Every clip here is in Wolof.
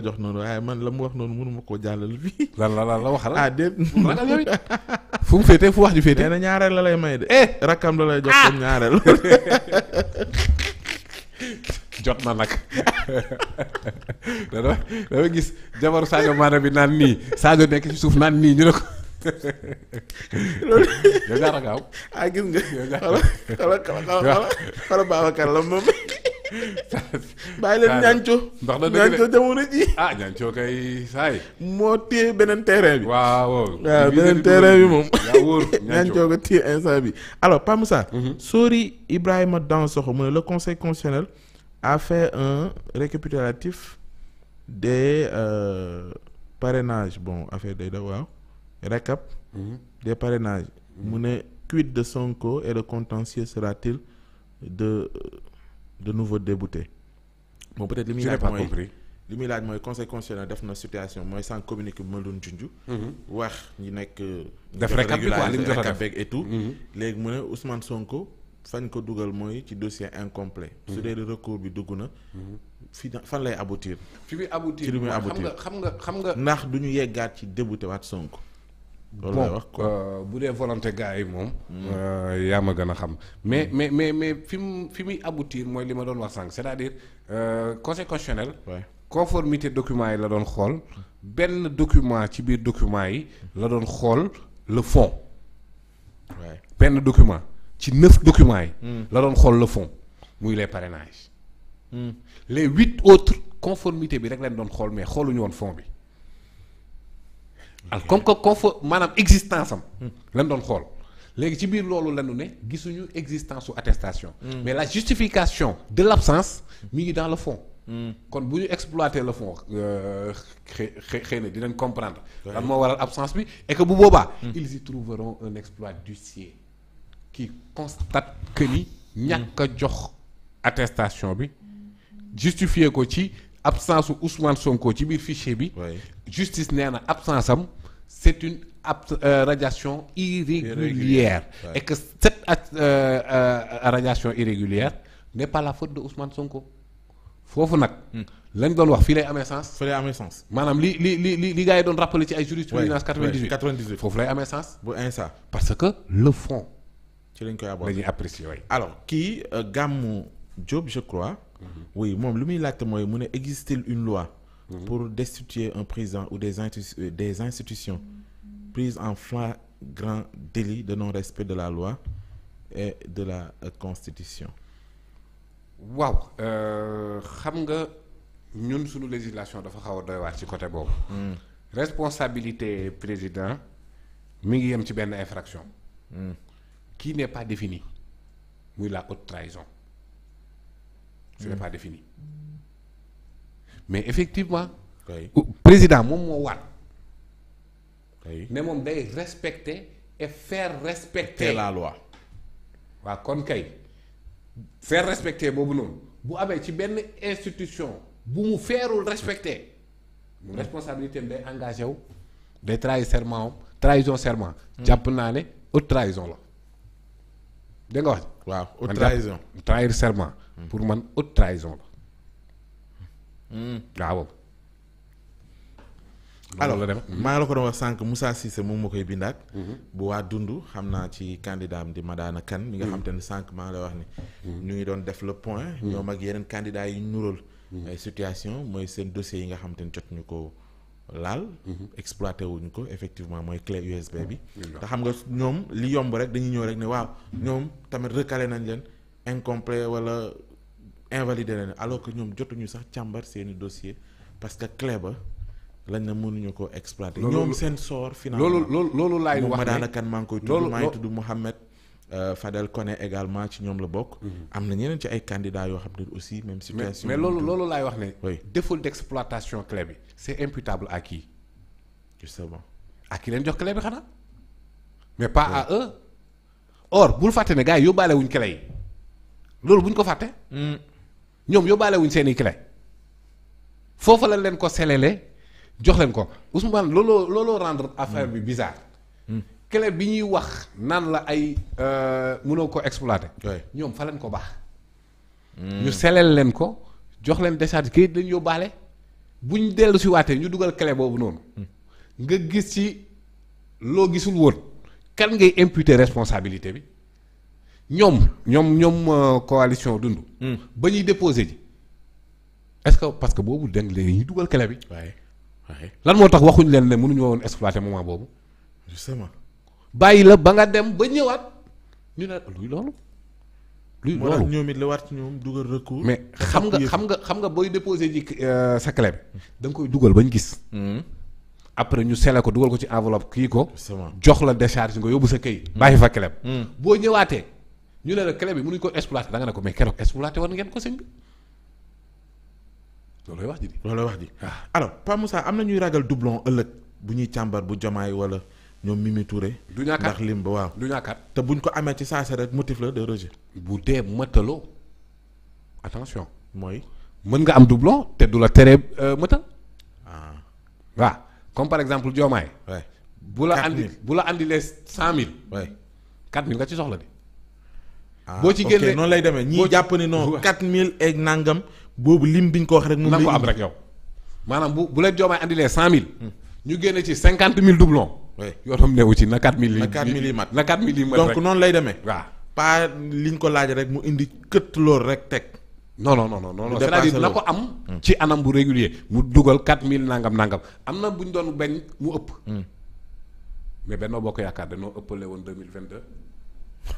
jox noonu waaye man la mu wax noonu mënuma koo jàllal fii. lan la lan la waxal. ah déet fu mu fu wax ji féete. nee ñaareel la lay may de. Eh! rakkam la lay jox ah! comme ñaareel. jot na nag da da gis jabaru Sadio Mané bi naan nii Sadio nekk ci suuf naan nii ñu ne ko. loolu. yow jaara gaaw. ah gis nga. yow jaara xala xala xala xala Babacar la moom. bàyyi leen ñaanco ndax da ñaanco jamono ji ah, moo téye beneen terrain bi waaw waaw ah, beneen terrain bi moom ñaanco ko téye instant bi alors Pa Moussa mhm. Sori Ibrahima Dansokho mu ne le conseil constitutionnel a un récapitulatif des euh, parrainages bon affaire day da waaw récap mhm. des parrainages mhm. mu ne quid de Sonko et le contentieux sera de euh, de nouveau débouté moom peut-être li muy laaj mooy compris li muy laaj mooy conseil constitutionnel def na situation mooy sans communiqué bi ma doon junj mm-hmm. wax ñi nekk def récap beeg et tout mm-hmm. léegi mu ne Ousmane Sonko fañ ko dugal mooy ci dossier incomplet su mm-hmm. dee recours bi dugg na fi fan lay aboutir fi muy aboutir ci li muy aboutir xam nga xam nga xam nga ndax du ñu yeggaat ci débouté waat Sonko loolu lay wax euh, bu dee volonté gars yi moom. Mm. Euh, yaa ma gën a xam. mais mm. mais mais mais fi mu fi muy aboutir mooy li ma doon wax sànq c'est-à-dire euh, conseil constitutionnel. conformité document yi la doon xool benn document ci biir document yi la doon xool le fond. benn document ci neuf documents yi. Mm. la doon xool le fond muy les parrainages. les huit autres conformité bi rek lañ doon xool mais xooluñu woon fond bi. al comme que confo maanaam existence am. lan doon xool léegi ci biir loolu lanu ne gisuñu existence su attestation. Hmm. mais la justification de l' absence mi ngi dans le fond. Hmm. kon bu ñu la le fond euh, xëy xëy na dinañ comprendre. lan moo waral absence bi et bu boobaa. Hmm. ils y trouveront un exploit d'huissier qui constate que ni. ñàkk jox attestation bi justifier ko ci absence su Ousmane Sonko ci biir fichier bi. justice nee na absence am. c'est une euh, radiation irrégulière, irrégulière ouais. et que cette euh, euh, radiation irrégulière n'est pas la faute de Ousmane Sonko foofu nag. Hmm. lañ doon wax fii lay amee sens. fii lay amee sens. maanaam li li li li li gars yi doon rappelé ci ay jurisprudence 98 98 foofu lay amee sens. bu insa parce que le fond. ci lañ koy aborder dañuy apprécier waay. alors kii euh, Gamou Diop je crois. Mhm. oui moom lu muy laajte mooy mu ne existe une loi. mmh. pour destituer un président ou des, institu euh, des institutions prises en flagrant délit de non-respect de la loi et de la euh, constitution. waaw euh, xam nga ñun suñu législation dafa xaw a doy waar ci côté boobu. Mm. responsabilité président mu ngi yem ci benn infraction. Mm. qui n'est pas définie muy la haute trahison. ce mm. pas défini. mais effectivement. Oui. président moom moo waat. ne moom day respecter et faire respecter. la loi. waaw kon kay faire respecter boobu noonu bu amee ci benn institution bu mu feerul respecter mm. responsabilité am day engagé wu day trahir serment am trahison serment. Mm. jàpp naa ne haute trahison la. dégg nga wax. waaw haute trahison trahir serment. Mm. pour man haute trahison la. waaw. alors mhm. maa ngi la ko doon wax sànq Moussa Cissé moom moo koy bindaat. bu waa dund xam naa ci candidat am di Madana kan mi nga xam te ne sànq maa ngi lay wax ni. Mhm. ñu ngi doon def le point. Mhm. ñoom ak yeneen candidats yi ñuural. ay situation mooy seen dossier yi nga xam te ne jot ñu ko laal. exploité wuñ ko effectivement mooy clé USB bi. te xam nga ñoom li yomb rek dañu ñëw rek ne waaw. ñoom tamit recalé nañ leen incomplet wala. invalider leen alors que ñoom jotuñu sax càmbar seeni dossier parce que clé ba lañ na mënuñu ko exploiter. ñoom seen sort finalement loolu loolu loolu laay wax ne daal kan maa ngi koy tudd maa ngi tudd Mouhamed euh, Fadel Koné également ci ñoom la bokk. Mhm. am na ñeneen ci ay candidats yoo xam ne aussi même situation. mais loolu loolu laay wax ne. oui défaut d'exploitation clé bi c'est imputable à qui. justement à qui leen jox clé bi xanaa. mais pas à eux. or bul fàtte ne gars yi yóbbaale wuñ clé yi loolu buñ ko fàtte. Hmm. ñoom yóbbaale wuñ seen i clé foofu lañ leen ko selele jox leen ko Ousmane looloo looloo rendre affaire bi bizarre. Hmm. clé bi ñuy wax naan la ay euh, mënoo ko exploité ñoom fa leen ko baax. Hmm. ñu selel leen ko jox leen décharge kayit lañ yóbbaale bu ñu dellu si ñu dugal clé boobu noonu. Hmm. nga gis ci loo gisul woon kan ngay imputer responsabilité bi. ñoom ñoom ñoom euh, coalition dund. Hmm. ba ñuy déposé ji est-ce que parce que boobu dégg léegi dugal kele bi. waaye lan moo tax waxuñu leen ne mënuñu woon exploiter moment boobu. justement bàyyi la ba nga dem ba ñëwaat ñu ne luy loolu. luy loolu ñoom it la war ci ñoom dugal recours. mais xam nga xam nga xam nga booy déposé ji euh, sa clé bi koy dugal bañ gis. Hmm. après ñu sele ko dugal ko ci enveloppe kii ko. jox la décharge nga yóbbu sa këy. bàyyi fa clé hmm. boo ñëwaatee. ñu ne la clé bi mënuñ ko exploiter da nga ne ko mais keroog exploiter war ngeen ko sëñ bi loolooy wax ji. loolooy wax ji ah. alors Pa Moussa am na ñuy ragal dublon ëllëg bu ñuy càmbar bu Diomaye wala ñoom Mimi Touré. du ñàkkaat lim ba waaw du ñàkkaat. te buñ ko amee ci saa si rek motif la de rejet. bu dee mëtaloo attention. mooy mën nga am doublon te du la teree euh, mëtal. ah waaw comme par exemple Diomaye. bu la andi bu la andilee cent mil waay quatre mille nga ci soxla de. Ah, boo ci génnee noonu lay demee ñii jàpp ne non 4000 et nangam boobu lim bi ñu ko wax rek. moom la ko am rek yow. maanaam bu bu la joomaay cent 100000. ñu génne ci 50000 mille oui yoo xam ne ci na 4000. na 4000 yi mat na 4000 yi mat donc noonu lay demee. waaw pas liñ ko laaj rek mu indi kët lool rek teg. non non non non non cest na ko am. ci anam bu régulier mu dugal mille nangam nangam am na bu ñu doon bañ mu ëpp. Hmm. mais Benno Bokk Yaakaar dañoo ëppale woon 2022.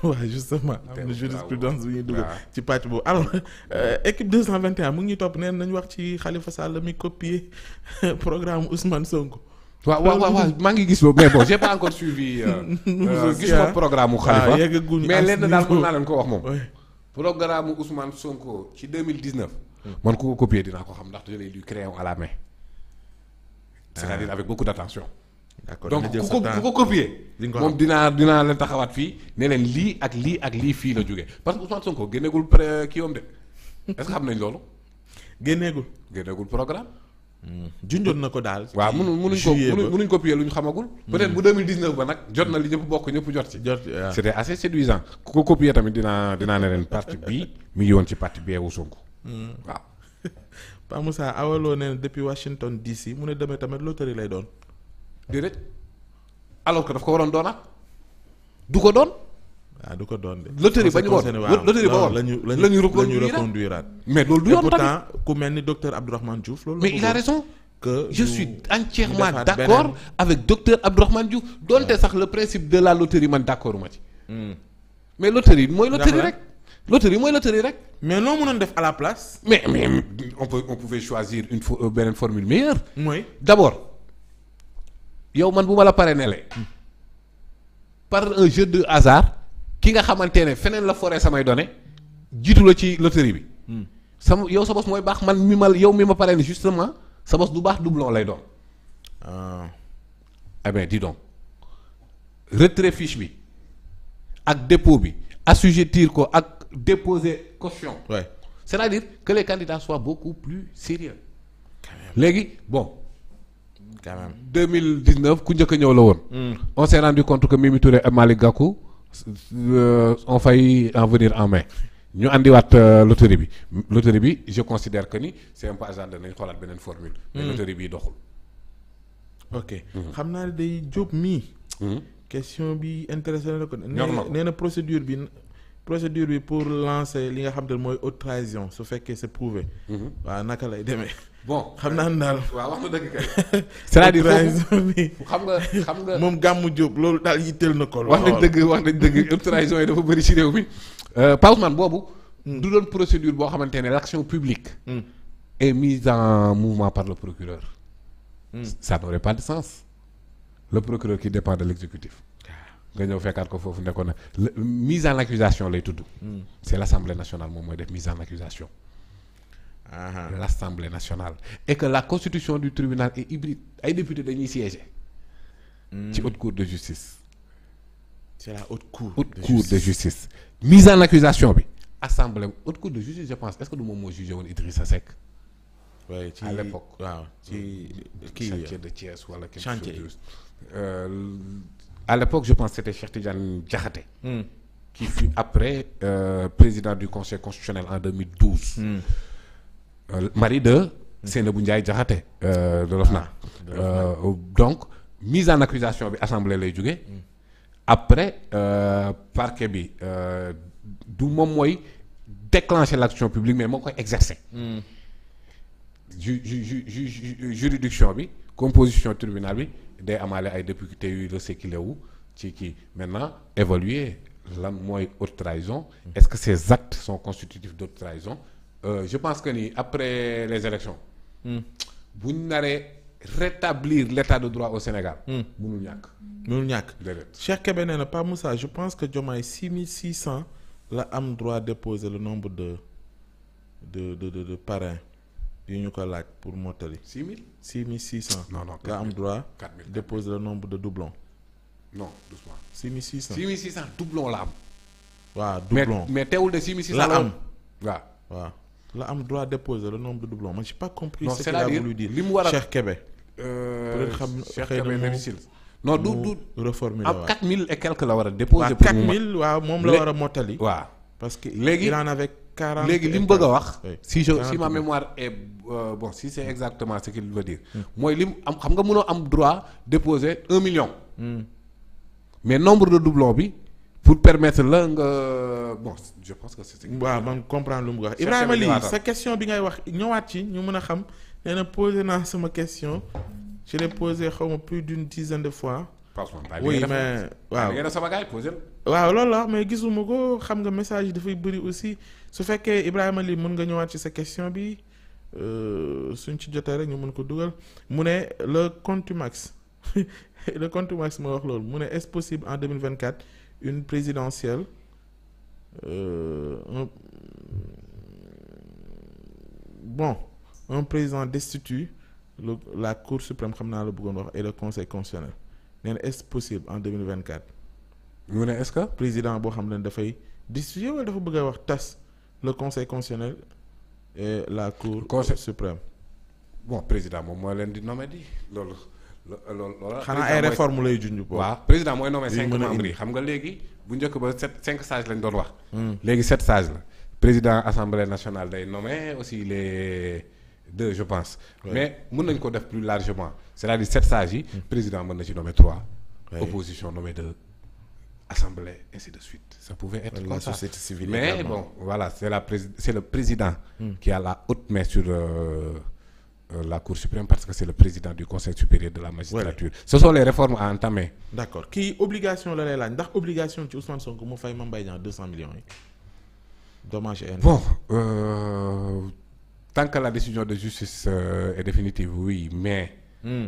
waaw justement am ah na jurisprudence bi ñuy dugal ah. ci pàcc boobu alors euh, équipe mu ngi ñuy topp neen nañu wax ci xalifa Sall mi copier programme Ousmane Sonko. waa waaw waaw maa ngi gis boobu mais bon j'ai pas encore suivi. Euh, euh, gis nga ah. programme ko wax moom. programme mu Ousmane Sonko ci 2019. man ku ko copier dinaa ko xam ndax je l'ai lu créé à la main. c'est-à-dire avec beaucoup d'attention. d'accord donc ku ko ku ko copier. moom dinaa dinaa leen taxawaat fii ne leen lii ak lii ak lii fii la jógee parce que Ousmane Sonko génneegul pré kii de est-ce que xam nañ loolu. génneegul. génneegul programme. Hmm. junjoon na ko daal. waaw mënu mënuñ ko mënuñ ko copier lu ñu xamagul. Hmm. peut-être bu 2019 ba nag jot na li ñëpp bokk ñëpp jot ci. jot c'était assez séduisant ku ko copier tamit dinaa dinaa ne leen parti bii mi ngi woon ci parti beewu Sonko. Hmm. waaw. Pa Moussa awaloo ne depuis Washington DC mu ne demee tamit loterie lay doon. déedéet alors que daf ko waroon doonaat du ko doon. waaw ah, du ko doon de. loterie ba ñu woon loterie ba woon la ñu la ñu reconduire mais loolu du yoon tamit ku mel ni docteur Abdourahmane Diouf loolu mais il a raison. que je suis entièrement d'accord avec docteur Abdourahmane Diouf donte sax le principe de la loterie man d'accord ci. Hmm. mais loterie mooy loterie rek. loterie mooy loterie rek. mais noo mën mënoon def à la place. mais mais on peut on pouvait choisir une euh, beneen formule meilleure. mooy d'abord. yow man bu ma la parrainé le par un jeu de hasard ki nga xamante ne feneen la foree samay données jiitu la ci loterie bi. Hmm. sama yow sa bos mooy baax man mi ma yow mi ma parrainé justement sa bos du baax doublon lay doon. ah. Eh di donc retrait bi ak dépôt bi assujettir ko ak déposer caution. Ouais. c'est-à-dire que les candidats soient beaucoup plus sérieux léegi bon. quand même 2019 ku njëkk a ñëw la woon. Hmm. on s' est rendu compte que Mimi Touré ak Malick euh, on failli en en main. ñu andiwaat euh, loterie bi loterie bi je considère que ni c' est un peu hasardeux nañu xoolaat beneen formule. mais hmm. loterie bi doxul. ok hmm. xam naa ne day Diop mii. question bi intéressé na ko. nee na procédure bi procédure bi pour lancer li nga xam te mooy haute trahison su fekkee c' est prouvé. naka lay demee. bon xam naa ne daal. waaw wax na dëgg kay. c'est-à-dire xam nga xam nga. moom gàmmu Diop loolu daal yitteel na ko. wax nañ dëgg wax nañ dëgg trahison yi dafa bëri si réew mi. Euh, pa Ousmane boobu. Hmm. du doon procédure boo xamante ne l'action publique. Hmm. et mise en mouvement par le procureur. Hmm. ça n'aurait pas de sens. le procureur qui dépend de l'exécutif. Ah. nga ñëw fekkaat ko foofu nekkoon na mise en accusation lay tudd. c'est l'Assemblée nationale moom mooy def mise en ah de l'Assemblée nationale. et que la constitution du tribunal est hybride ay député dañuy siéger. Hmm. ci haute cour de justice. c'est la haute cour. haute de cour mise en accusation bi. assemblée haute cour de justice je pense est-ce que du moom moo jugé woon Idrissa Seck. waaye ci à l'époque waaw ci euh, kii chantier de Thiès wala. chantier euh, à l'époque je pense c'était Cheikh Tidiane Diakhaté. Hmm. qui fut après euh, président du conseil constitutionnel en 2012. Mm. mari de Seynabou Ndiaye Diakhaté euh, de l'OFNAC ah, euh, donc mise en accusation bi assemblée lay jóge mm. après euh, parquet bi du moom mooy déclencher l'action publique mais moo koy exercer mm. ju ju juridiction bi composition tribunal bi day amaale ay député yuy recyclé wu ci kii maintenant évoluer lan mooy haute trahison mm. est-ce que ces actes sont constitutifs d'haute trahison Euh, je pense que nii après les élections hmm. bu ñu naree rétablir l' état de droit au Sénégal. Hmm. mënul ñàkk. mënul ñàkk déedéet. Cheikh Kébé nee na je pense que Diomaye six mille six cent la am droit déposer le nombre de de de yu ñu ko laaj pour mottali. six mille six cent. non la am droit. quatre nombre de doublons. non doucement. six mille six cent six mille la am. waaw doublon mais teewul de six mille six cent la am waaw waaw. la am droit déposer le nombre de doublons man j'ai pas compris. ce qu'il a voulu li mu war a Cheikh Kébé. Euh, peut être xam xëy na mu non du du am 4000 et quelques la war a déposer. pour mu 4000 moom la war a mottali. waa parce que. léegi il en avait léegi li mu bëgg a wax. si je si ma mémoire est euh, si c'est exactement ce qu'il veut dire. Hmm. mooy li mu am xam nga mënoo am droit déposer 1 million. Hmm. mais nombre de doublons bi. pour permettre la nga bon je pense que c'est waaw man comprendre lu mu wax Ibrahima lii sa question bi ngay wax ñëwaat ci ñu mën a xam nee na posé naa sama question ci l'ai posé xaw ma plus d'une dizaine de fois oui mais ah, waaw waaw loolu la mais gisuma ko xam nga message dafay bëri aussi su fekkee Ibrahima lii mën nga ñëwaat ci sa question bi euh, suñ ci jotee rek ñu mën ko dugal mu ne le contumax le contumax ma wax loolu mu ne est-ce possible en 2024 une présidentielle euh, un bon un président destitue le la cour suprême xam naa la bëggoon wax et le conseil constitutionnel nee na est-ce possible en deux mille vingt quatre. mu ne est-ce que. président boo xam ne dafay destituer wala dafa bëgg a wax tas le conseil constitutionnel et la cour. conseil suprême. bon président moom moo leen di nommer di loolu. loolu loolu xanaa ay réforme lay junj boobu président mooy nommé cinq membres yi xam nga léegi bu njëkk ba sept cinq sages lañ doon wax hmm. léegi sept sages la président assemblée nationale day nommé aussi les deux je pense mais mën nañ ko def plus largement c'est-à-dire sept sages yi hmm. président mën na ci nommé trois opposition nommé deux assemblée ainsi de suite ça pouvait être comme ça société civile mais bon voilà c'est la le président hmm. qui a la haute main sur euh, Euh, la Cour suprême parce que c'est le président du Conseil supérieur de la magistrature. Ouais. Ce sont les réformes à entamer. D'accord kii obligation la lay laaj ndax obligation ci Ousmane Sonko mu fay Mame Mbaye Niang deux cent millions yi. dommage et bon euh, tant que la décision de justice euh, est définitive mais. Mm.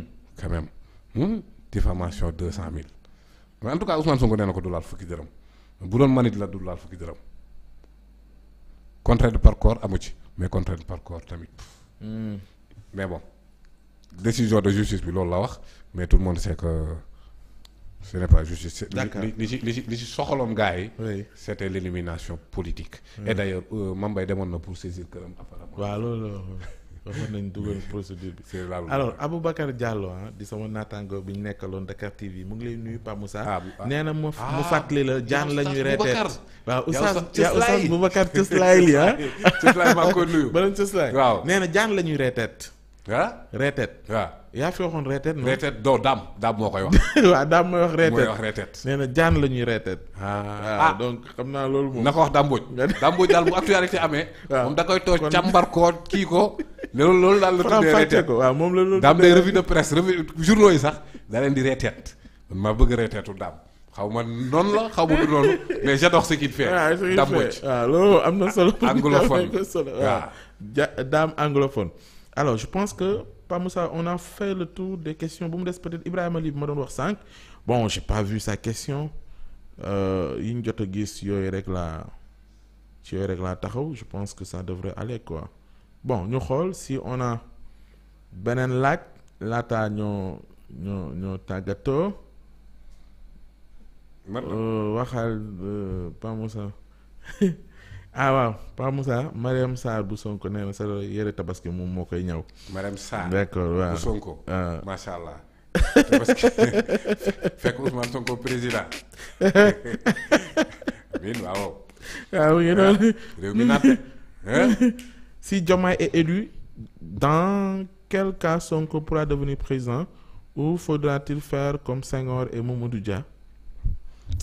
diffamation deux cent mille. mais en tout cas Ousmane Sonko ko du laal fukki dërëm bu doon manit la du laal fukki dërëm contrainte par corps amu ci mais contrainte tamit. Hmm. mais bon décision de justice bi loolu la wax mais tout le monde sait que ce n'est pas li ci li ci yi. oui c'était l'élimination politique. et d'ailleurs euh, Mambay demoon na pour saisir këram apparemment. waaw loolu waxoon nañ dugal procédure bi. c'est là alors Aboubacar Diallo ah, di sama naataango bi ñu nekkaloon Dakar TV mu ngi lay nuyu Pa Moussa. Ah, ah nee na mu mu ah. fàttali la jaan la ñuy. reeteet waaw Oustaz Oustaz Boubacar Cëslaay li ah. Cëslaay maa ngi ba leen Cëslaay waaw nee na jaan la ñuy reeteet. ah. reetet waaw. yaa fi waxoon reetet. non doo daam daam moo koy wax. waaw daam mooy wax reetet mooy nee na jaan la ñuy reetet. ah, ah. xam naa loolu moom. na ko wax dàmbooj dàmbooj daal bu actualité amee. waaw moom da koy tooj càmbar ko kii ko. loolu loolu daal la tuddee reetet moom la loolu. daam day revue de presse revue sax da di reetet man bëgg reetetu daam. xaw ma noonu la xaw ma du noonu mais j'adore ce qu'il fait. waaw ce qu'il fait waaw loolu am na solo. anglophone anglophone. alors je pense que Pa Moussa on a fait le tour des question bu mu des peut-être Ibrahima bi ma doon wax sànq bon j'ai pas vu sa question euh, yi ñu jot a gis yooyu rek laa ci yooyu rek laa taxaw je pense que ça devrait aller quoi bon ñu xool si on a beneen laaj laataa ñoo ñoo ñoo tàggatoo. Euh, waxal euh, Pa Moussa ah waaw Pa Moussa Mariam Sarr bu Sonko nee na sa yére tabaski moom moo koy ñaw. Mariam Sarr d'accord waaw bu Sonko. Ah. macha allah. parce que fekk Ousmane Sonko président. amiin waaw. waaw yéen a. si Diomaye est élu dans quel cas Sonko pourra devenir président ou faudra t comme Senghor et Mamadou Dia.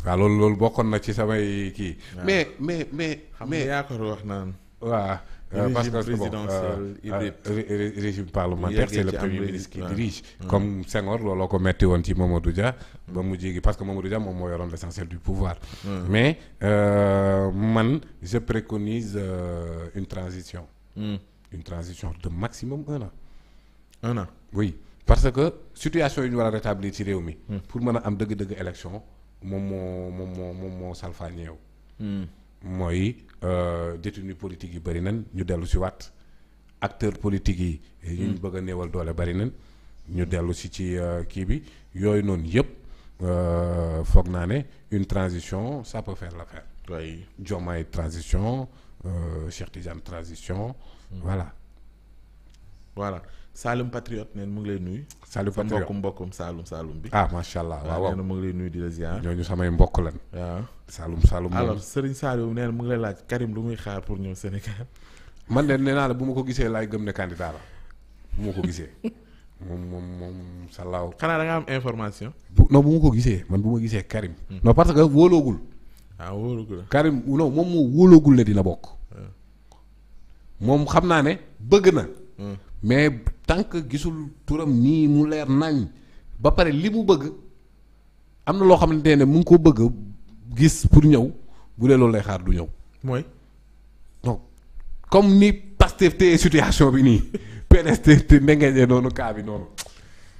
waaw loolu loolu bokkoon na ci samay kii. mais mais mais. xam nga yaakaar wax naan. waaaa euh, parce que bon euh, euh, régime parlementaire c'est le premier ministre qui dirige mm. comme Senghor looloo ko metti woon ci Mamadou ba mm. mu jéegi parce que Mamadou Dia moom moo yoroon l'essentiel du pouvoir mm. mais man je préconise une transition une transition de parce que situation yu ñu war a rétablir ci réew mi pour mën a am dëgg-dëgg élection moom moo moom moo moom moo salfaañeew hmm. mooy euh, détenu politique yi bëri nañ ñu dellu si waat acteur politique yi ñu ñu hmm. bëgg a néewal doole bëri nañ ñu dellu si ci euh, kii bi yooyu noonu yëpp euh, foog naa ne une transition ça peut faire l'affaire oui Diomaye transition Cheikh Tidiane transition hmm. voilà voilà Saalum Patriote neen mu ngi lay nuyu. Saalum Patriote mbokkum mbokkum Saalum Saalum bi. ah macha allah waaw waaw nee na mu ngi lay nuyu mbokk lan. waaw Saalum Saalum. alors Serigne nee mu ngi lay laaj Karim lu muy xaar pour ñëw Sénégal. man de nee naa la bu ma ko gisee laay gëm ne candidat la bu ma ko gisee. moom moom moom salaaw. xanaa nga am information. bu non bu ma ko gisee man bu ma gisee Karim. Hmm. non parce que wóoloogul. ah wóoloogul Karim non moom moo wóoloogul ne dina bokk. Hmm. moom xam naa ne bëgg na. Hmm. mais tant que gisul turam nii mu leer nañ ba pare li mu bëgg am na loo xamante ne mu ngi ko bëgg gis pour ñëw bu dee loolu lay xaar du ñëw. mooy donc comme ni Pastef te situation bi nii PDS te te ndengeñee noonu kaa bi noonu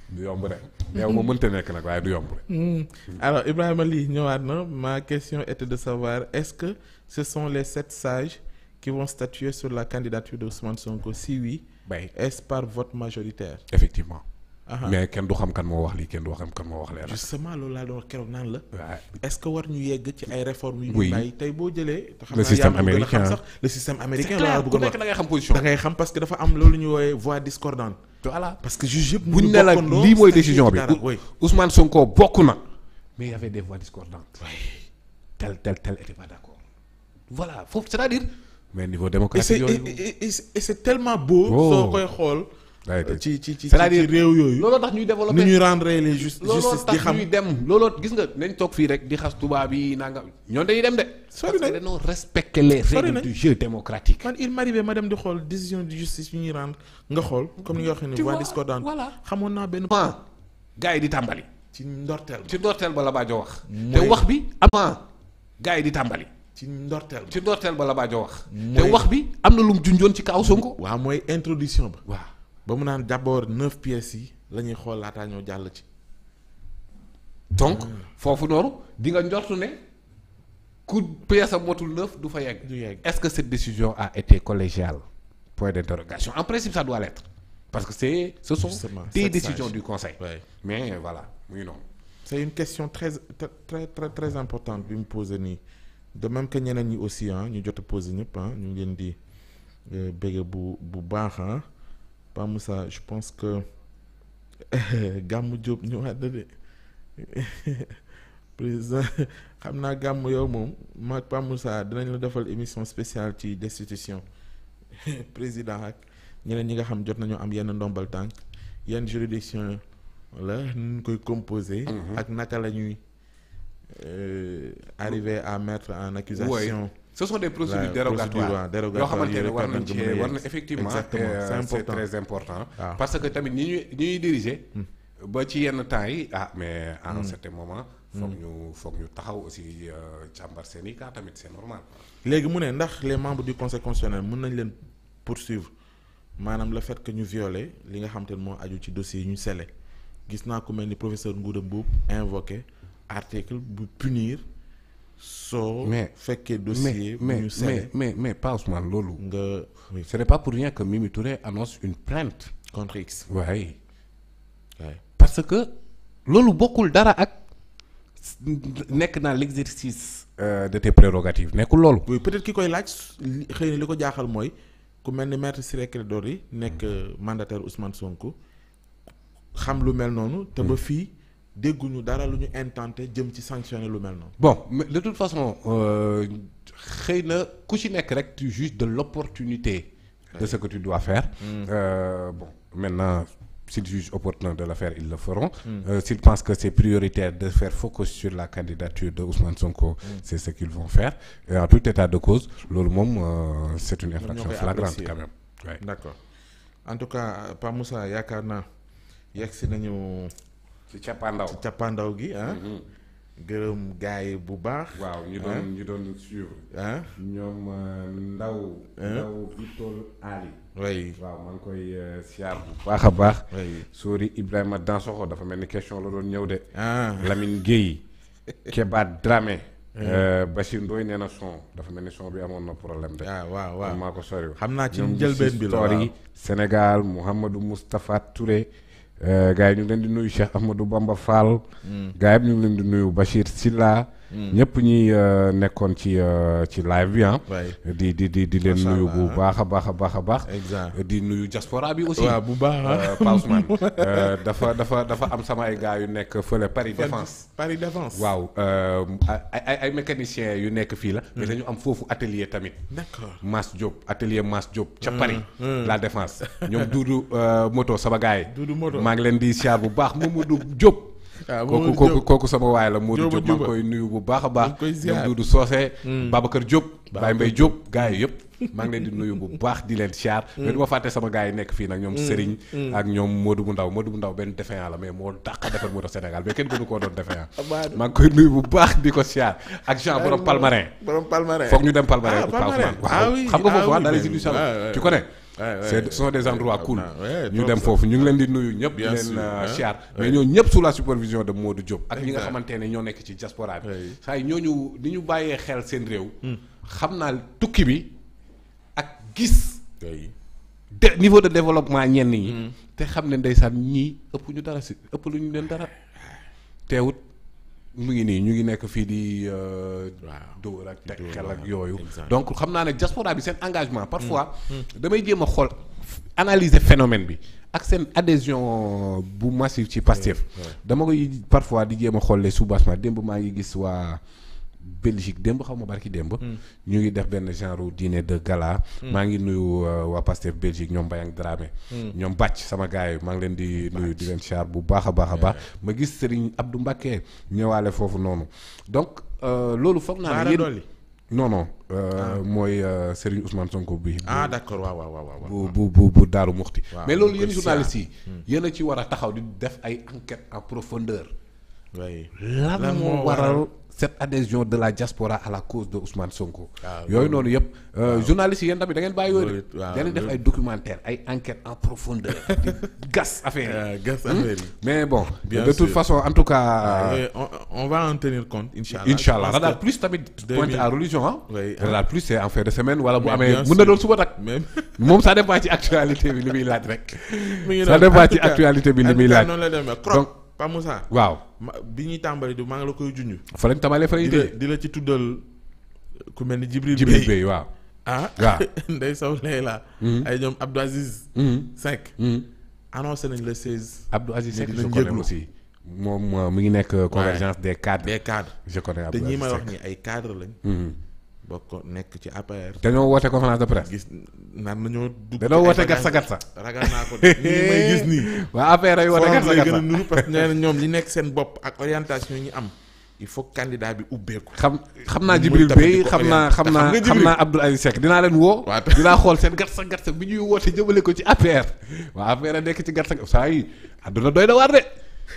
du yomb rek. yow ma mënta nekk nag waaye du yomb rek. Hmm. alors Ibrahima lii ñëwaat na ma question était de savoir est-ce que ce sont les sept sages qui vont statuer sur la candidature de Ousmane Sonko si oui. bay est-ce par vote majoritaire. effectivement. mais kenn du xam kan moo wax lii kenn du xam kan moo wax lee justement loolu laa doon keroog naan la. est-ce que war ñu yegg ci ay réformes yu ñu tey boo jëlee. le système américain le système américain. laa bëggoon wax parce que dafa am loolu ñu wooyee voix discordante. voilà parce que juge yëpp. buñ ne la lii mooy décision bi Ousmane Sonko bokk na. mais il y avait des voix tel tel tel pas d'accord. mais niveau démocratique yooyu et c'est et c'est oh. soo koy xool. Euh, ci ci ci c'est-à-dire réew yooyu. looloo tax ñuy développé ni ñuy rendre les justice di xam looloo tax dem looloo gis nga nañ toog fii rek di xas tubaab yi nangam ñoom dañuy dem de. sori nañ parce que dañoo respecter les règles du jeu démocratique. man il m'arrivait ma dem di xool décision de justice yu ñuy rendre nga xool comme ni nga waxee nii voie discordante xamoon naa benn. gars yi di tàmbali. ci ndorteel ci ndorteel ba la baa Badio wax. te wax bi am. gars yi di tàmbali. ci ndorteel ba ci ndorteel ba la Badio wax. te wax bi am na lu mu junjoon ci kaw Sonko. waaw mooy introduction ba. waa ba mu naan d'abord neuf pièces yi la ñuy xool laataa ñoo jàll ci. donc hmm. foofu noonu di nga njortu ne ku pièce am motul neuf du fa yegg. du yegg est-ce que décision a été collégiale. point d'interrogation en principe ça doit l'être parce que c'est ce sont des décisions du conseil ouais. mais voilà muy noonu c'est une question très très très très importante bi mu posé nii de même que ñeneen ñi aussi ah ñu jot a posé ñëpp ah ñu ngi leen di euh, bëgg bu bu baax ah Pa Moussa pense que gàmm Diop ñëwaat na de président xam naa gàmm yow moom ma Pa Moussa dinañ la defal émission spéciale ci destitution président ak ñeneen ñi nga xam jot nañu am yenn ndombal tànk yenn juridiction la ñu koy composé. Mhm. ak naka la ñuy. Euh, arriver à mettre en accusation. Oui. ce sont des procédures dérogatoires yoo xamante ne war nañ ci war na effectivement euh, c'est très important ah. parce que tamit ñi ñuy ñi hmm. ba ci yenn temps yi ah mais à un hmm. certain moment hmm. foog ñu foog ñu taxaw aussi euh, càmbar seen i cas tamit c'est normal léegi mu ne ndax les membre du conseil constitutionnel mun nañ leen poursuivre maanaam le fait ñu violé li nga xam ne moo aju ci dossier yi ñu scellé gis naa ku mel ni professeur Ngouda Mboup invoqué article bu punir soo mais fekkee dossier mais mais mais mais mais pas Ousmane loolu nga ce n'est pas pour rien que Mimi Touré annonce une plainte contre X waaye parce que loolu bokkul dara ak nekk dans l'exercice euh, de tes prérogatives nekkul loolu oui peut-être ki koy laaj xëy na li ko jaaxal mooy ku mel ni maître Ciré door Ly nekk mm-hmm. euh, mandataire Ousmane Sonko xam lu mel noonu te ba mm-hmm. fii dégguñu dara lu ñu intenté jëm ci sanctionner lu mel noonu. bon mais de toute façon euh, xëy na ku ci nekk rek tu juges de l'opportunité de ce que tu dois faire. Mm. Euh, bon maintenant s'ils jugent opportun de le faire ils le feront. Mm. Euh, que c'est prioritaire de faire focus sur la candidature de Ousmane Sonko. Mm. c'est ce qu'ils vont faire et en tout état de cause loolu moom euh, c'est une infraction flagrante quand même. Ouais. en tout cas euh, Pa Moussa yaakaar naa yegg si nañu. ci cappaandaw ci cappaandaw gi ah. mm-hmm. gërëm gars bu baax. waaw ñu ah. doon ñu doon suivre. ah ñoom euh, Ndaw. Ah. Ndaw Victor Ali. waaw maa koy euh, siyaar bu baax a baax. Sori Ibrahima Dansokho dafa mel ni question la doon ñëw de. Lamine Guèye. Keba Dramé. Euh, Bachir Ndoye nee na son dafa mel ni son bi amoon na problème de. ah waaw waaw xam naa ci njëlbeen bi la waaw Sénégal Mouhamadou Moustapha Touré. Eh, gars yi ñu ngi leen di nuyu Cheikh Ahmadou Bamba Fall. Mm. gars yi ñu ngi leen di nuyu Bachir Silla ñëpp ñi euh, nekkoon ci euh, ci live bi ah. di di di di leen nuyu bu baax a baax a baax a baax. di nuyu diaspora bi aussi. bu baax euh, Pa Ousmane dafa dafa dafa am sama ay gars yu nekk fële Paris Défense. Paris Défense waaw ay ay ay mécaniciens yu nekk fii la. Hmm. mais dañu am foofu atelier tamit. d'accord Mass Diop atelier Mass Diop. ca hmm, Paris hmm. la Défense ñoom Doudou moto sama gars yi. Doudou moto maa ngi leen di siyaar bu baax Mamadou Diop. waaw ah, kooku kooku kooku sama waay la moo Diop maa ngi koy nuyu bu baax a baax ñoom Doudou Socé hmm. Babacar Diop Baye Mbaye Diop gars yi yëpp maa ngi leen di nuyu bu baax di leen siyaar hmm. mais du ma fàtte sama gars yi nekk fii nag ñoom hmm. Serigne ñoom Modou bu ndaw Modou bu ndaw benn défenant la mais moo dàq defar moto Sénégal mais kenn gënu koo doon défenant maa ngi koy nuyu bu baax di ko siyaar ak Jean borom Palmarin borom Palmarin foog ñu dem Palmarin ah, Ousmane waaw ah xam nga foofu waaw daal di si tu connais c'est ce sont des endroits cool ah, ñu dem foofu ñu ngi leen di nuyu ñëpp leen char euh, mais ñoo ñëpp sous la supervision de du Diop ak ñi nga xamante ne ñoo nekk ci diaspora bi saa ñoo ñu ni ñu bàyyee xel seen réew hmm. xam naa tukki bi ak gis de niveau de développement ñenn ñi hmm. te xam ne ndeysaan ñii ëpp ñu dara si ëpp lu ñu leen dara teewut mu ngi nii ñu ngi nekk fii di. Euh, waaw dóor ak teg xel ak yooyu. donc xam naa ne diaspora bi seen engagement. parfois mm. Mm. damay jéem a xool analyser phénomène bi ak seen adhésion bu massive ci Pastef. dama koy parfois di jéem a xool les soubassement démb maa ngi gis waa. Belgique démb xaw ma barki démb. Mm. ñu ngi def benn genre dîner de gala. Mm. maa ngi nuyu euh, waa Pastef Belgique ñoom Mbayang Dramé. Mm. ñoom bàcc sama gars yi maa ngi leen di nuyu di leen char bu baax baaxa baax ma gis Serigne Abdou Mbacké ñëwaale foofu noonu donc euh, loolu foog naa ne yéen non non euh, ah. mooy Serigne Ousmane Sonko bi. ah d'accord waaw waaw bu bu bu bu Daaru Muxti. mais loolu yéen journalistes yi. yéen a ci war a taxaw di def ay enquête en profondeur. lan moo waral. cette adhésion de la diaspora à la cause de Ousmane Sonko. Ah, yooyu noonu yëpp. Euh, journalistes yi yéen tamit da ngeen bàyyi yooyu de. da ngeen def ay documentaire ay enquêtes en profondeur. gas ah, hmm? affaire yi. mais bon de toute façon en tout cas. Ah, euh, ouais, on, on incha allah. incha allah Plus tamit. pointe à religion ah. oui Radar Plus c'est en fin de semaine wala bu amee. mën na doon suba nag. même moom ça dépend ci actualité bi li muy laaj rek. mi ngi ça ci actualité bi li muy laaj. Pa waaw ma bi ñuy tàmbali du maa ngi la koy junj. fa lañ tàmbalee fa lañ tëye di la ci tuddal ku mel ni Jibril Jibril waaw. ah waaw Ndeye Sow Leila. Mm-hmm. ay ñoom Abdou Aziz. Mm-hmm. Seck. Mm-hmm. annoncé nañ la 16. Abdou Aziz Seck dinañ jégalu aussi. moom euh, mu ngi nekk euh, convergence des cadres. des cadres je connais te ñi may wax ni ay cadres lañ. ko nekk ci APR. dañoo woote conférence de gis naan nañoo. dugg dañoo woote gatsa gatsa. ragal naa ko de nii may gis nii. waa APR ay woote gatsa gatsa gën a ñoom li nekk seen bopp ak orientation yi ñu am. il faut candidat bi ubbeeku. xam xam naa Jibril Bey xam naa xam naa xam naa Abdoul Aziz Seck dinaa leen woo. waaw dinaa xool seen gatsa gatsa bi ñuy woote jëmale ko ci APR. waa APR a nekk ci gatsa saa yi àdduna doy na waar de.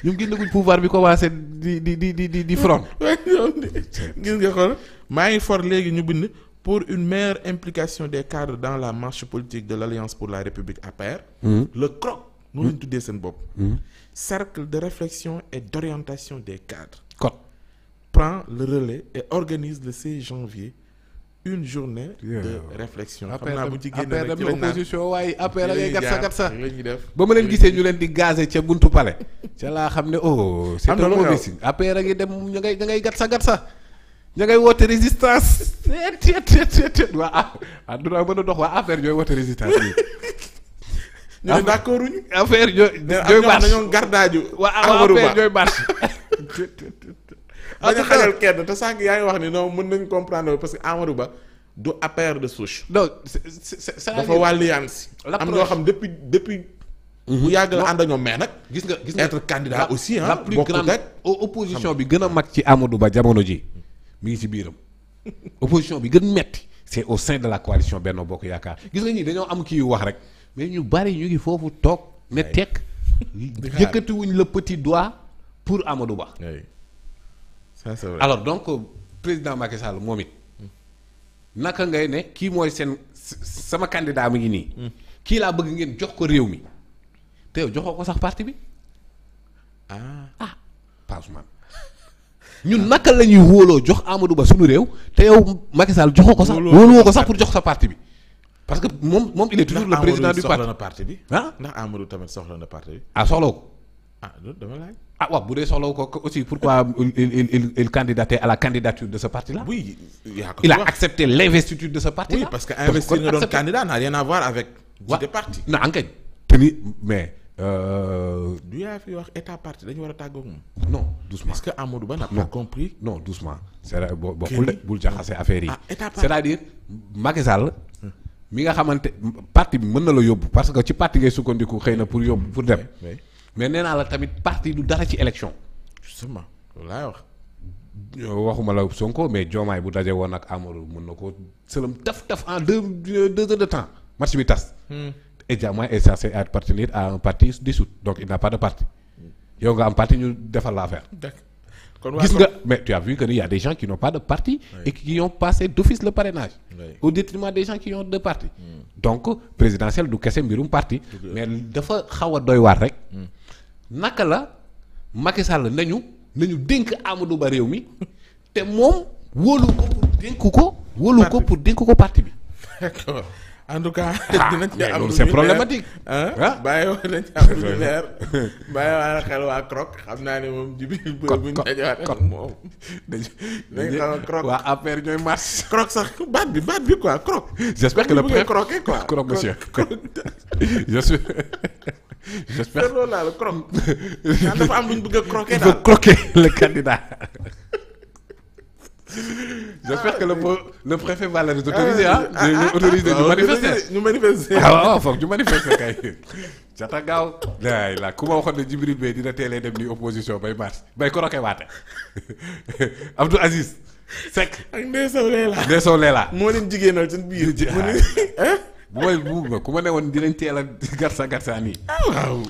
ñoom gis naguñ pouvoir bi commencé di di di di di front. gis nga xool maa ngi for léegi ñu bind pour une meilleure implication des cadres dans la marche politique de l'Alliance pour la République APR. Mmh. le CROC. nu leen hmm. tuddee seen bopp. Hmm. cercle de réflexion et d'orientation des cadres. COD prend le relais et organise le 16 janvier. une journée yeah. de réflexion. xam naa bu ci génne rek ci lañ naan opposition waaye ba ma leen gisee ñu leen di gazé ca buntu palais. ca laa xam ne oh. c'est trop risque affaire a ngi dem ñu ngay da ngay gat sa gat sa. ña ngay woote résistance teet teet teet waa ah ah du mën a dox waa affaire ñooy woote résistance yi. ñooy. ñooy affaire ñooy marche. dañu xelal kenn te sànq yaa ngi mën nañ comprendre parce que Amadou Ba du affaire de souche. non c'est dafa wàlliyaan si. am loo xam depuis depuis. Mhm. bu yàgg la ànd ak mais nag. gis nga gis nga être candidat aussi ah. la plus opposition bi gën a mag ci Amadou Ba jamono ji. mi ngi ci biiram opposition bi gën metti c'est au sein de la coalition Benno Bokk Yaakaar gis nga ñi dañoo am kii wax rek mais ñu bari ñu ngi foofu toog ne tekk yëkkatiwuñ la petit doit pour Amadou Ba ça alors donc président Macky Sall moom it naka ngay ne kii mooy seen sama candidat mi ngi nii hmm. kii laa bëgg ngeen jox ko réew mi te yow joxoo ko sax parti bi ah, ah ñun naka la ñuy wóoloo jox Amadou Ba suñu réew te yow Macky Sall joxoo ko sax wóoluwoo ko sax pour jox sa parti bi parce que moom moom il est toujours le président du parti bi ah tamit soxla na parti bi ah soxlaw ko ah dama laaj ah, waaw bu dee soxlaw ko aussi pourquoi il il il candidatait à la candidature de sa parti là. oui yaa ko a accepté l'investiture de ce parti là. parce que investir nga doon candidat n'a rien à voir avec. waa parti na enquête te ni mais. Euh, du yaa fi wax état parti dañu war a tàggoog moom. non doucement est-ce que Ba n'a pas non doucement c'est-à-dire boo bokkul de bul jaxase affaire yi. Ah, c'est-à-dire Macky mi nga xamante parti bi mën na la yóbbu parce que ci parti ngay sukkandiku xëy na pour yóbbu pour dem. mais nee naa la tamit parti du dara ci élection. justement loolu laay wax. waxuma la Sonko mais Diomaye bu daje woon ak Amadou mën na ko sëlëm taf taf en deux deux heures de temps match bi tas. Hmm. et Diomaye est censé être appartenir à un parti dissous donc il n'a pas de parti mm. yow nga am parti ñu defal l'affaire gis nga mais tu as vu que il y a des gens qui n'ont pas de parti oui. et qui ont passé d'office le parrainage au détriment des gens qui ont deux partis mm. donc présidentiel du kese mbirum parti mais dafa xaw a doy waar rek mm. naka la Macky Sall nañu nañu dénk Amadou Ba réew mi te moom wóolu ko pour dénk ko wóolu ko pour dénk ko parti bi en tout cas. Ah, dinañ ah. Ah, ci am lu c'est leer bàyyi waa xel waa Croc xam naa ne moom jibi bërëb bu ñu dajawaat ak moom. dañ xaw a Croc waa APR ñooy marche. Croc sax baat bi baat bi quoi Croc. j'espère que le prêtre croquer quoi Croc monsieur. j'espère j'espère. loolu laa la Croc. dafa am lu ñu bëgg a croquer daal il faut croquer j'espère que le le préfet va leen autoriser ah. ñu autoriser ñu manifester ñu ah, manifester. waaw ah, ah, foog ñu manifester kay. jata gaaw. laay la ku ma waxoon ne Djibril Bey dina teelee dem ni opposition bay mars bay ko roke waate Abdou Aziz. Seck ak Ndeesaw Leela. Ndeesaw Leela. moo leen jigéenal seen biir. bu may bu ku ma ne woon dinañ teel a garsa garsaan yi. ah waaw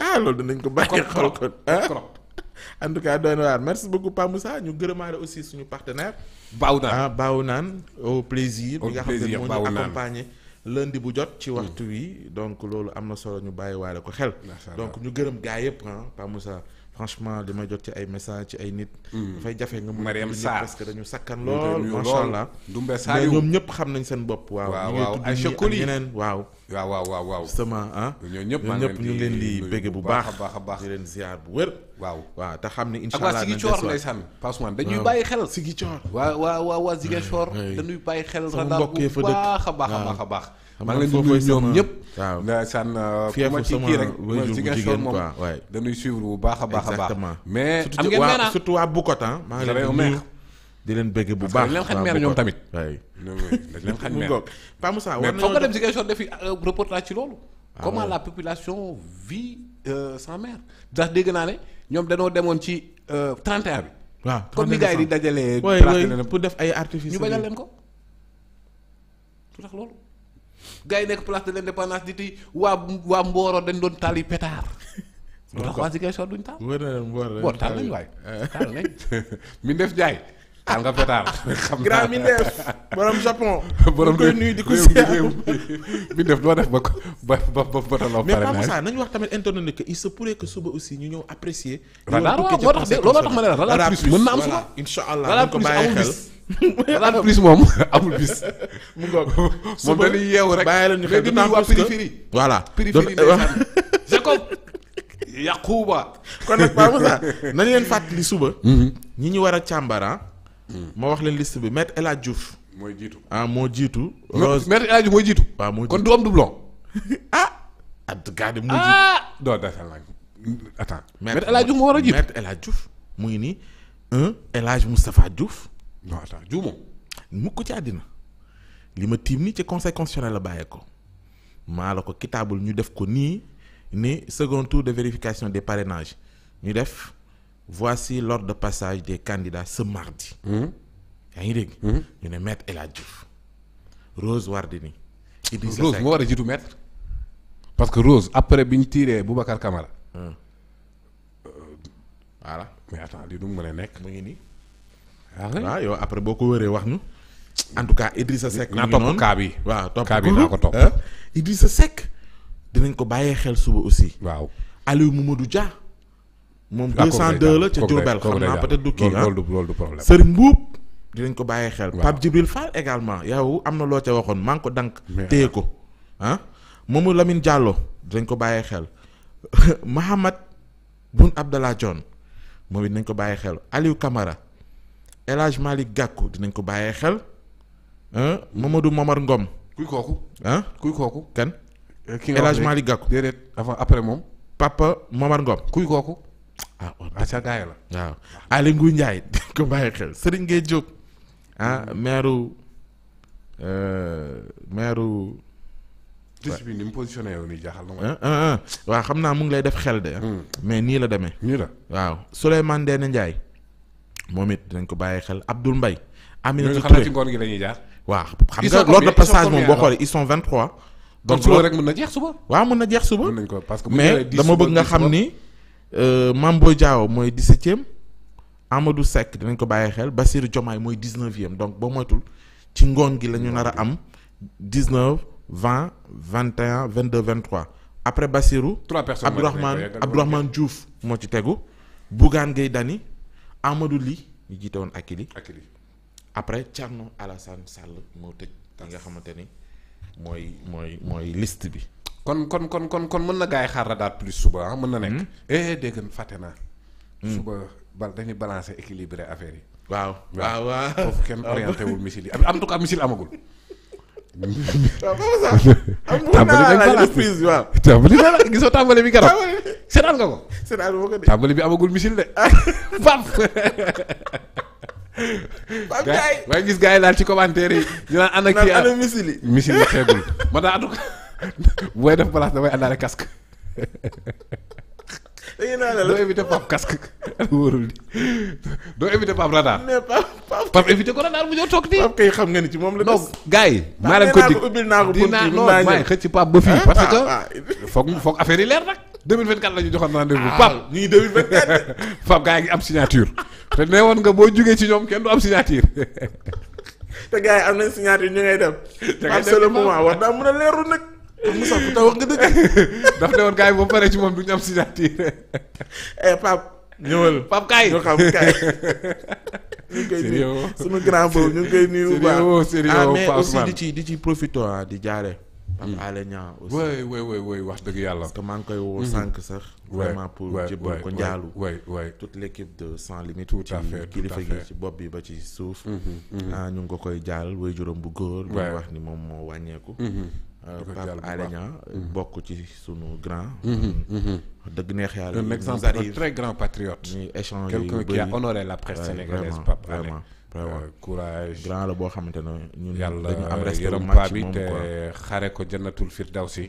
ah loolu dinañ ko bàyyi xol ko en tout cas doy na waar merci beaucoup Pa Moussa ñu gërëmaale aussi suñu partenaire. baaw naan ah baaw naan au plaisir. bi nga xam ne moo ñu accompagner. lundi bu jot ci mm. waxtu wi donc loolu am na solo ñu bàyyi waale ko xel. donc ñu gërëm gaa yëpp ah Pa Moussa. franchement li ma jot ci ay message ci ay nit. Mm. dafay jafe nga mu Mariam Sarr parce que dañu sakkan lool macha allah. Dumbe Saliou mais ñoom ñëpp xam nañ seen bopp. waaw waaw ay chocoli ñeneen waaw. waaw waaw waaw sama ah. ñooñu ñëpp maa ñu ngi leen di bégg bu baax a baax di leen ziar bu wër. waaw waaw te xam ne incha allah ak waa Ziguinchor ndeysaan Passeman dañuy bàyyi xel. Ziguinchor waa waa waa Ziguinchor. dañuy xel radar bu baax a baax a baax a baax. maa ngi leen di nuyu ñoom ñëpp. waaw ndeysaan euh, ku ma ci suivre bu baax a baax a baax. mais am ngeen mère surtout waa Boukotan. Ah. maa ngi leen di leen bëgg bu baax. parce que leen xañ mère ñoom tamit. waay dañ leen xañ mère. Pa Moussa war nañoo mais dem ci gëstoo defi euh, reportage ci loolu. Ah, comment la population vit euh, sans mère. ndax dégg naa ne ñoom dañoo demoon ci 31 bi. waaw comme ni gars yi di dajalee. pour def ay artifices ñu bañal leen ko. lu tax loolu. gars yi nekk place de l'indépendance di waa waa Mboro dañ doon taal yi pétard. lu tax waa Ziguinchor duñ taal. wóor na taal nañ waaye taal nañ. mi def jaay. xam nga pétard xam nga grand mindeef borom japon. borom koy nuyu di ko siyaar bi def doo def ba ko ba ba ba ba mais Pape Moussa nañu wax tamit internet ne que il se pourrait que suba aussi ñu ñëw apprécier. radar waaw moo tax de looloo tax ma ne la radar plus mën na am suba. incha allah radar plus amul bis. radar plus moom amul bis. mu ngoog moom dañuy yeewu rek bàyyi la ñu xel di nuyu waa périphérie. voilà périphérie Jacob Yakuba. kon nag Pape Moussa nañu leen fàttali suba. Mhm. ñi ñu war a càmbara ah, moo wax leen list bi maître El Hadj Diouf. mooy jiitu ah moo jiitu. Rose maître jiitu. waaw moo jiitu kon du am doublon. ah. at ah, gaa de moo jiitu ah. non dafa laaj. moo war a jiitu maître El Hadj mu ngi nii un El Hadj Moustapha Diouf. non attends Diouf mukk ci àddina li ma tiim nii ci conseil constitutionnel la bàyyee ko maa la ko kitaabul ñu def ko nii ni second tour de vérification des parrainages ñu def. voici l'ordre de passage des candidats ce mardi. Hmm? yaa ngi dégg. Hmm? ñu ne maître El Hadj Diouf Rose Wardini. Idrissa Seck Rose moo war a jiitu maître. parce que Rose après bi ñu tiiree bu Camara. Hmm. Euh, voilà mais du mu nekk. mu ngi nii. waaw ah yow après boo ko wëree wax nu en tout cas Idrissa Seck. naa topp kaa bi waaw topp kaa bi naa ko topp. sa Seck dinañ ko bàyyee xel suba aussi. waaw Aliou Mamadou Dia. moom 202 ah, la ca Diourbel xam naa peut-être du kii ah loolu sëriñ Mbuub dinañ ko bàyyi xel Pape Djibril Fall également yow am na loo ca waxoon maa ngi ko dànk ah. téye ko ah moomu Lamine Diallo dinañ ko bàyyi xel Mahamad Boun Abdallah Dionne moom it dinañ ko bàyyi xel Aliou Camara El Hadj Malick dinañ ko bàyyee xel ah. Mamadou Momar Ngom kuy kooku ah kuy kooku kan eh, El après moom Papa Momar Ngom kuy kooku waaw ah, oh, ah, macha gaay la waaw Aly Ngouille Ndiaye di ko bàyyi xel Serigne Gueye Diop ah maire maire dis bi ni mu positionné yow jaaxal na ma. Ah, waaw xam naa mu ngi lay def xel de. Hmm. mais nii la demee. nii la waaw Souleymane Ndéné Ndiaye moom it dinañ ko bàyyi xel Abdoul mbay Aminata Touré ñooñu ci ngoon gi la ñuy jaar. waaw xam nga l'ordre de passage moom boo xoolee ils sont 23. donc suba rek na suba. waaw mën na jeex suba. mën ko parce que mais dama bëgg nga xam ni. Euh, Mame Boye Diao mooy dix-septième Amadou Seck dinañ ko bàyyi xel Bassirou Diomaye mooy dix-neuvième donc boo moytul ci ngoon gi lañu ñu nar a am dix-neuf vingt vingt vingt-deux vingt-trois après Bassirou Abdourahmane Abdourahmane Diouf moo ci tegu Bougane Gueye Dany Amadou Ly ñu jiite woon Akili après Thierno Alassane Sall moo tëj li nga xamante ni mooy mooy mooy liste bi kon kon kon kon kon mën na gaay xaar la daal plus suba ah mën na nekk. Hmm. eh dégg nga fàtte naa. Hmm. suba bal dañuy balancer équilibré affaire yi. waaw waaw waaw foofu kenn ah, orienté wul missile yi en tout cas ah, waaw ko. seetaan bi amagul missile waaye gis gaay daal ci commentaire yi. ñu naan ana kii ah, ana missile yi missile yi xeebul ma daa en bu may def place damay àndaale casque. dañuy naan la doo éviter Pape casque wóorul doo éviter Pape radar. mais Pape Pape éviter ko radar mu ñëw toog nii. Pape kay xam nga ni ci moom la des. donc gars yi. maa leen ko di dinaa non ah, que ah, ah. foog foog affaire yi leer nag. 2024 la ñu joxoon rendez-vous Pape ñu ngi 2024 Pape gars am signature te nee woon nga boo jugee ci ñoom kenn du am signature. te gars am nañ signature ñu ngay dem. te ngay dem par seul moment war a leerul nag. wax nga dëgg. daf ne woon gars yi ba pare ci moom du ñu am signature. eh Pape. ñëwal Pape Kaye ñoo xam Kaye. ñu ngi grand boobu ñu ngi koy nuyu. sérieux sérieux ah, ci di ci profité ah, di jaare. Pape hmm. Alé Niang aussi. oui wax dëgg yàlla. parce que maa ngi koy woo hmm. sànq sax. vraiment pour jébbal ko njaalu. oui waaye toute l' de sans limite. tout à fait tout à fait ci kilifa ci bopp bi ba ci suuf. Hmm, ah ñu ngi ko koy jaal way juróom bu góor. bu wax ni moom moo wàññeeku. Euh, Pape Alé Niang euh, mm-hmm. bokk ci sunu grand. Mm-hmm, euh, mm-hmm. dëgg neex yàlla. un exemple un très grand patriote. ñuy échange quelqu'un honoré la presse sénégalaise Pape Alé vraiment courage. grand la boo xamante ne ñun dañu am respect yërëm paa bi te xare ko jannatul firdawsi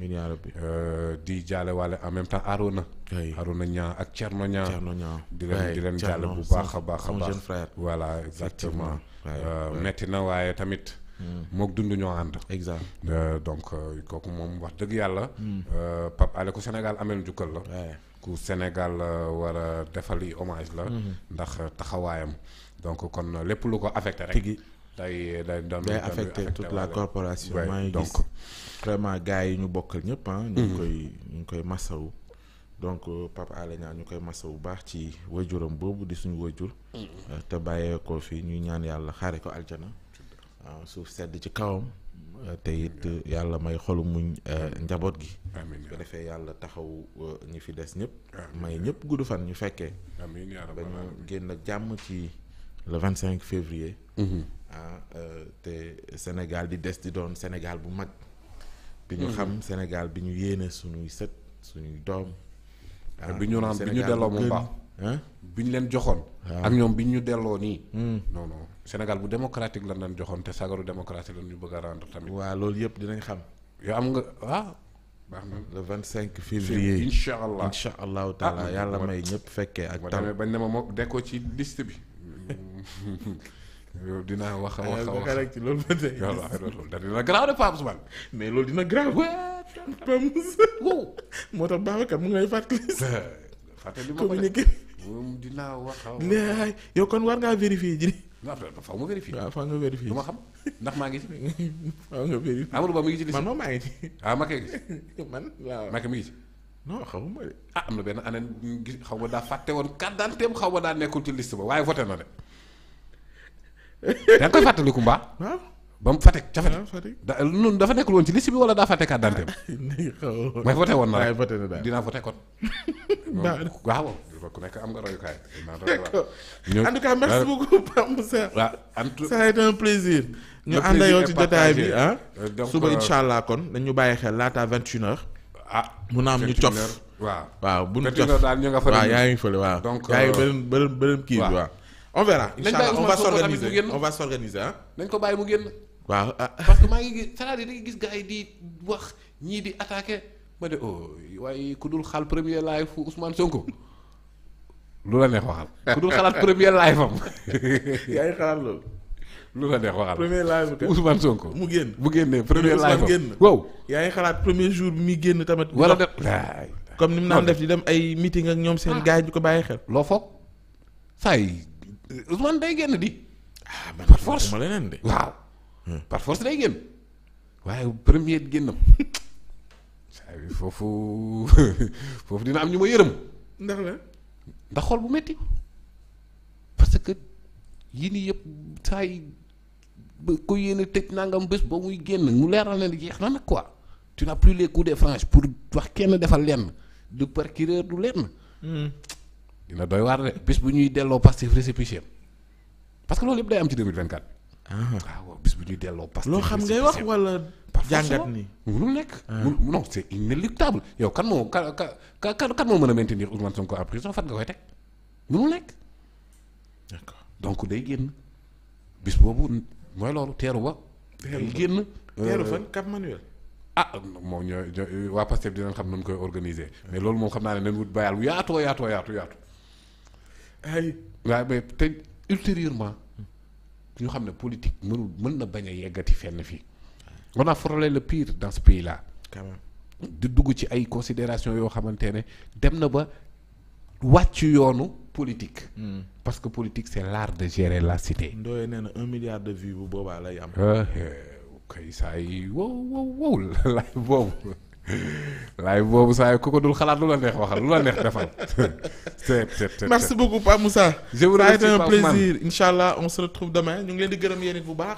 di jaale waale en même temps Arona. Arona Niang ak Thierno Niang. Thierno Niang di leen di leen jaale bu baax a baax a baax. voilà exactement. metti na waaye tamit. Hmm. mook dund ñoo ànd. exact euh, donc euh, kooku moom wax dëgg yàlla. Hmm. Euh, Pape Alé ku Sénégal ameel njukkal la. ku Sénégal war a defali hommage la. Hmm. ndax taxawaayam. donc kon lépp lu ko affecté rek. tigi day day doon affecté toute la corporation. maa ngi gis vraiment gars yi ñu bokkal ñëpp ah. ñu ngi koy ñu ngi koy masawu. donc Pape Alé ñu koy masa bu baax ci wajuram boobu di suñu wajur te bàyyee ko fii ñuy ñaan yàlla xaare ko aljana waaw suuf sedd ci kawam euh, te it yàlla may xolu muñ euh, njaboot gi amiin defee yàlla taxaw euh, ñi fi des ñëpp may ñëpp gudd fan ñu fekkee amiin yaa rabbal aalamiin dañu génn jàmm ci le vingt cinq février mm-hmm. ah te Sénégal di des di doon Sénégal bu mag bi ñu mm-hmm. xam Sénégal bi ñu yéene suñuy sët suñuy doom bi ñu ah, ñu delloo mu baax bi ñu leen joxoon. ak ñoom bi ñu delloo nii. Hmm. non non Sénégal bu démocratique la leen joxoon te sagaru démocratie lan ñu bëgg a rendre tamit. waa loolu yëpp dinañ xam. yow am nga ah. baax na le vingt cinq février incha allah incha allahu taala ah, yàlla may ñëpp fekkee ak. tam ba ne ma moom de ko ci liste bi. yow dina wax a eh, wax a wax ci loolu ba tey. loolu dina grave Pape Ousmane. mais loolu dina grave. Pape Ousmane. moo tax Babacar mu ngi lay fàttali. fàttali ma ko communiqué moom dinaa wax. laay yow kon war ngaa vérifier ji. non faaw ma vérifier. waaw faaw nga vérifier du ma xam ndax maa ngi ci. faaw nga vérifier Amadou Ba mu ngi ci liste. man moom maa ngi ci. ah Macky ngi ci. man waaw Macky mi ngi ci. non xaw ma de. ah am na benn année gis xaw ma daa fàtte woon carte d'identité am xaw ma daa nekkul ci liste ba waaye voté na de. da nga koy fàttaliku mbaa. waaw. ba mu Fatick ca Fatick. Ah, da noonu dafa nekkul woon ci liste bi wala daa fàtte carte d'identité am. may voté woon na rek dinaa voté kon. waaw ku nekk am nga royukaay. en tout cas merci a été un plaisir. ñu ànd ak ci jotaay bi euh, suba euh, incha kon dañu bàyyi xel laata vingt une heures. ah mun naa am ñu cof. waaw waaw bu ñu cof waaw yaa ngi fële waaw. yaa ngi bërëm bërëm bërëm kii bi waaw. on verra incha allah on va s'organiser on va s'organiser ah. nañ ko bàyyi mu waaw ah. parce que maa ngi gis c'est-à-dire da nga gis gars yi di wax ñii di attaqué ma ne oh waaye ku dul xal premier live fu Ousmane Sonko lu la neex waxal ku dul xalaat premier live am. yaa ngi xalaat loolu. lu la neex waxal premier mu génn bu génnee premier live am wow. yaa ngi xalaat premier jour bi génn tamit. wala def comme ni mu naan def di dem ay meeting ak ñoom seen ah. gars yi ñu ko bàyyi xel. loo foog saa yi Ousmane day génn di. ah man par force ma leneen de waaw. par force day génn waaye premier génnam foofu foofu dina am ñu ma yërëm. ndax la ndax xool bu metti parce que yii nii yëpp saa ba ko yéene tëj nangam bés ba muy génn mu leeral na jeex na nag quoi tu n'as plus les coups de franche pour wax kenn defal lenn du procureur du lenn. Hmm. dina doy waar de bés bu ñuy delloo Pastef récépissé parce que loolu yëpp day am ci 2024. waaw ah. ah bis bu ñuy delloo parce que loo xam ngay wax wala. jàngat ni munul nekk. Ah. non c'est inéluctable yow kan moo ka ka kan moo mën a maintenir Ousmane Sonko à prison fan nga koy nekk. donc day génn bis boobu loolu teeru ba. teeru génn. teeru euh, fan Cap Manuel. ah moom ñoo ñoo waa Pastef xam nañ koy organiser mais loolu moom xam naa ne nañ wut bayal yaatoo yaatoo yaatu yaatu. ay waaye mais te ultérieurement. ñu xam ne politique mënul mën na bañ a yeggati fenn fii on a frôlé le pire dans ce pays là. quand di dugg ci ay considération yoo xamante ne dem na ba wàccu yoonu politique. Hmm. parce que politique c' est l' art de gérer la cité. Ndoye nee na un milliard de vie bu boobaa lay am. Ah, eh, kay saa yi wow wow wow laay boobu. waaye boobu saa ku ko dul xalaat lu la neex waxal lu la neex defal. merci beaucoup Pape Moussa. je vous remercie un plaisir incha allah on se retrouve demain ñu ngi leen di gërëm yéen bu baax.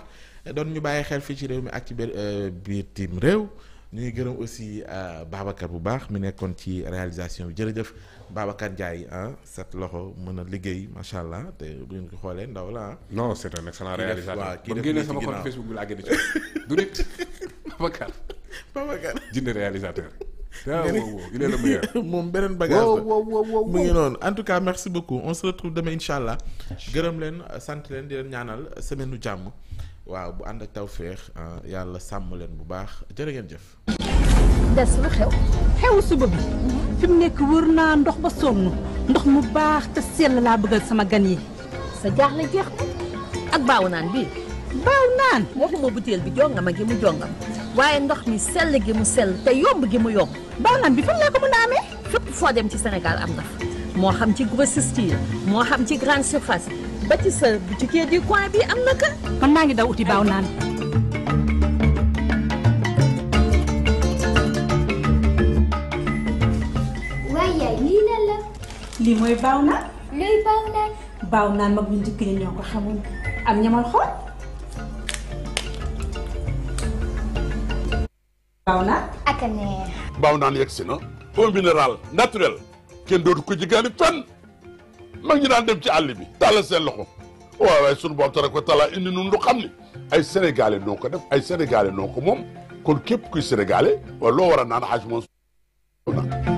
doon ñu bàyyi xel fii ci réew mi ak ci euh, biir tim réew. ñu ngi gërëm aussi euh, Babacar bu baax mi nekkoon ci réalisation bi jërëjëf Babacar Ndiaye ah set loxo mën a liggéey macha allah te bu ngeen ko xoolee ndaw la ah. non c'est un excellent réalisateur. kii def waaw sama compte Facebook bi laa gën a Babacar jënd réalisateur. Ah, il est moom beneen bagage la mu ngi noonu en tout cas merci beaucoup on se retrouve demain incha gërëm leen sant leen di leen ñaanal semaine nu jàmm. waaw bu ànd ak tawféex ah, yàlla sàmm leen bu baax jërë ngeen jëf. des lu xew xewu suba bi. fi nekk wër naa ndox ba sonn ndox mu baax te sell laa bëggal sama gan yi. sa jaaxle jeex ak baawu naan bii. baaw naan waxuma butéel bi jongama gi mu jongam waaye ndox mi sell gi mu sell te yomb gi mu yomb baaw naan bi fan laa ko mën a foo dem ci Sénégal am na xam ci grossiste moo xam ci grande surface ba ci sa maa ngi daw uti baaw naan waaye yaay lii lan njëkk ñi ñoo ko ñamal xool baaw naan ak a neex. baaw si na eau minérale naturelle kenn dootu ko jigéen fenn mag ñi daan dem ci àll bi tàllal seen loxo waawe waaye sunu bopp tara ko tala indi nun lu xam ne ay sénégalais noo ko def ay sénégalais noo ko moom kon képp kuy sénégalais wala loo war a naan xaaj moom naan